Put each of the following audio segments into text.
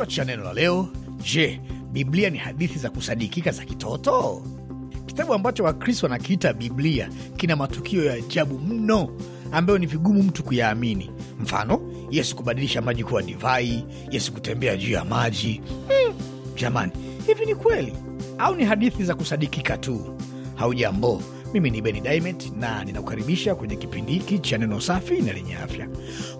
Kichwa cha neno la leo: Je, Biblia ni hadithi za kusadikika za kitoto? Kitabu ambacho Wakristo wanakiita Biblia kina matukio ya ajabu mno ambayo ni vigumu mtu kuyaamini. Mfano, Yesu kubadilisha maji kuwa divai, Yesu kutembea juu ya maji. Hmm, jamani, hivi ni kweli au ni hadithi za kusadikika tu? Haujambo, mimi ni Beni Diamond na ninakukaribisha kwenye kipindi hiki cha neno safi na lenye afya.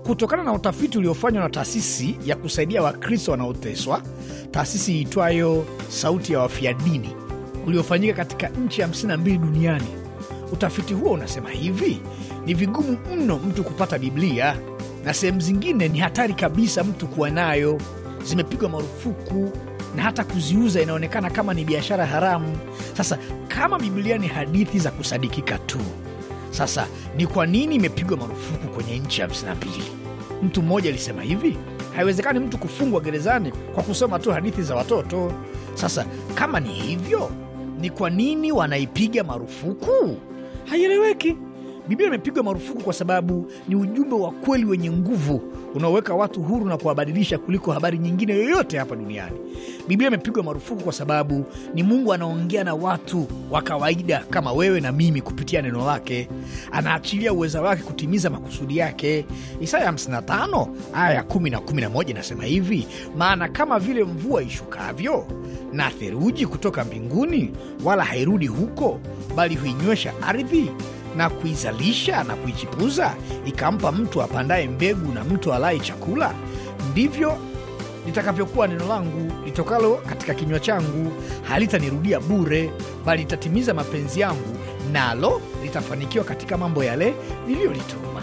Kutokana na utafiti uliofanywa na taasisi ya kusaidia Wakristo wanaoteswa, taasisi iitwayo Sauti ya Wafia Dini, uliofanyika katika nchi 52 duniani, utafiti huo unasema hivi: ni vigumu mno mtu kupata Biblia na sehemu zingine ni hatari kabisa mtu kuwa nayo, zimepigwa marufuku na hata kuziuza inaonekana kama ni biashara haramu. Sasa kama Biblia ni hadithi za kusadikika tu, sasa ni kwa nini imepigwa marufuku kwenye nchi hamsini na mbili? Mtu mmoja alisema hivi, haiwezekani mtu kufungwa gerezani kwa kusoma tu hadithi za watoto. Sasa kama ni hivyo, ni kwa nini wanaipiga marufuku? Haieleweki. Biblia imepigwa marufuku kwa sababu ni ujumbe wa kweli wenye nguvu unaoweka watu huru na kuwabadilisha kuliko habari nyingine yoyote hapa duniani. Biblia imepigwa marufuku kwa sababu ni Mungu anaongea na watu wa kawaida kama wewe na mimi kupitia neno lake. Anaachilia uweza wake kutimiza makusudi yake. Isaya 55 aya ya 10 na 11 inasema hivi, maana kama vile mvua ishukavyo na theruji kutoka mbinguni, wala hairudi huko, bali huinywesha ardhi na kuizalisha na kuichipuza, ikampa mtu apandaye mbegu na mtu alaye chakula, ndivyo litakavyokuwa neno langu litokalo katika kinywa changu; halitanirudia bure, bali litatimiza mapenzi yangu, nalo litafanikiwa katika mambo yale liliyolituma.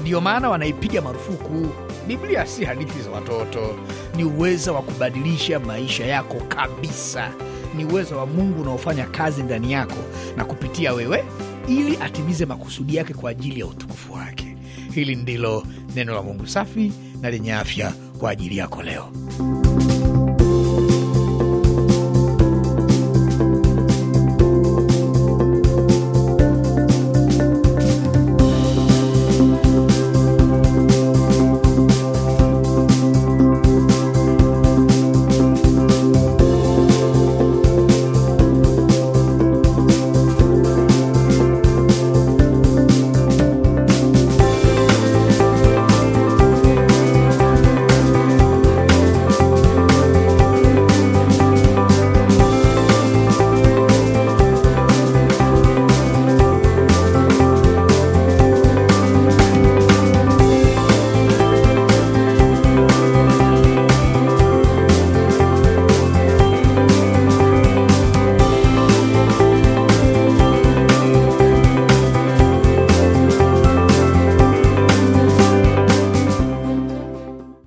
Ndiyo maana wanaipiga marufuku Biblia. Si hadithi za watoto, ni uweza wa kubadilisha maisha yako kabisa ni uwezo wa Mungu unaofanya kazi ndani yako na kupitia wewe ili atimize makusudi yake kwa ajili ya utukufu wake. Hili ndilo neno la Mungu safi na lenye afya kwa ajili yako leo.